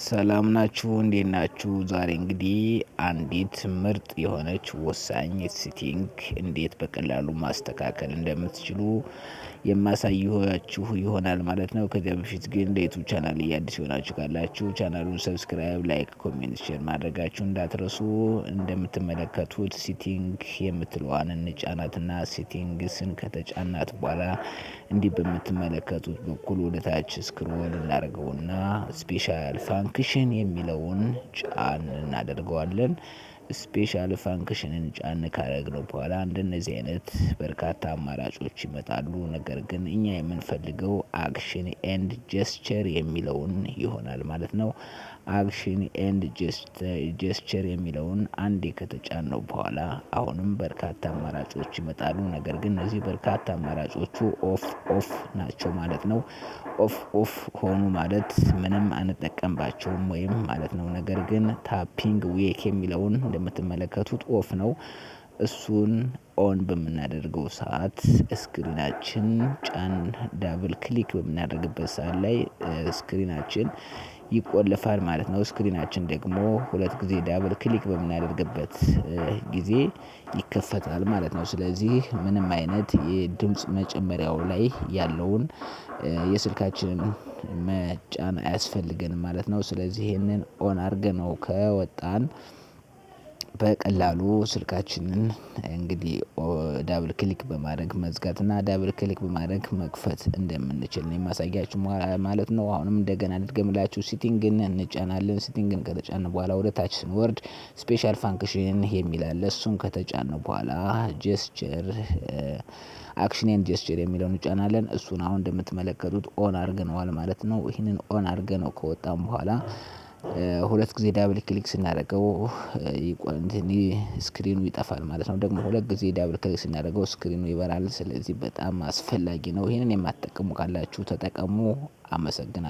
ሰላም ናችሁ፣ እንዴት ናችሁ? ዛሬ እንግዲህ አንዲት ምርጥ የሆነች ወሳኝ ሴቲንግ እንዴት በቀላሉ ማስተካከል እንደምትችሉ የማሳያችሁ ይሆናል ማለት ነው። ከዚያ በፊት ግን ለዩቱብ ቻናል እያዲስ የሆናችሁ ካላችሁ ቻናሉን ሰብስክራይብ፣ ላይክ፣ ኮሜንት፣ ሼር ማድረጋችሁ እንዳትረሱ። እንደምትመለከቱት ሴቲንግ የምትለዋን እንጫናትና ሴቲንግስን ከተጫናት በኋላ እንዲህ በምትመለከቱት በኩል ወደታች ስክሮል እናደርገውና ስፔሻል ፋ ባንክሽን የሚለውን ጫን እናደርገዋለን ስፔሻል ፋንክሽንን ጫን ካረግነው በኋላ እንደነዚህ አይነት በርካታ አማራጮች ይመጣሉ። ነገር ግን እኛ የምንፈልገው አክሽን ኤንድ ጀስቸር የሚለውን ይሆናል ማለት ነው። አክሽን ኤንድ ጀስቸር የሚለውን አንዴ ከተጫነው በኋላ አሁንም በርካታ አማራጮች ይመጣሉ። ነገር ግን እነዚህ በርካታ አማራጮቹ ኦፍ ኦፍ ናቸው ማለት ነው። ኦፍ ኦፍ ሆኑ ማለት ምንም አንጠቀምባቸውም ወይም ማለት ነው። ነገር ግን ታፒንግ ዌክ የሚለውን የምትመለከቱት ኦፍ ነው። እሱን ኦን በምናደርገው ሰዓት ስክሪናችን ጫን ዳብል ክሊክ በምናደርግበት ሰዓት ላይ ስክሪናችን ይቆልፋል ማለት ነው። ስክሪናችን ደግሞ ሁለት ጊዜ ዳብል ክሊክ በምናደርግበት ጊዜ ይከፈታል ማለት ነው። ስለዚህ ምንም አይነት የድምፅ መጨመሪያው ላይ ያለውን የስልካችንን መጫን አያስፈልገንም ማለት ነው። ስለዚህ ይህንን ኦን አድርገ ነው ከወጣን በቀላሉ ስልካችንን እንግዲህ ዳብል ክሊክ በማድረግ መዝጋት ዳብል ክሊክ በማድረግ መክፈት እንደምንችል ነው የማሳያችሁ ማለት ነው። አሁንም እንደገና ልድገምላችሁ ሲቲንግን እንጫናለን ሲቲንግን ከተጫን በኋላ ወደ ታች ስንወርድ ስፔሻል ፋንክሽን የሚላለ አለ እሱን ከተጫን በኋላ ጀስቸር አክሽንን ጀስቸር የሚለውን እንጫናለን እሱን አሁን እንደምትመለከቱት ኦን አድርገነዋል ማለት ነው። ይህንን ኦን ነው ከወጣን በኋላ ሁለት ጊዜ ዳብል ክሊክ ስናደርገው ስክሪኑ ይጠፋል ማለት ነው። ደግሞ ሁለት ጊዜ ዳብል ክሊክ ስናደርገው ስክሪኑ ይበራል ስለዚህ በጣም አስፈላጊ ነው። ይሄንን የማትጠቀሙ ካላችሁ ተጠቀሙ። አመሰግናለሁ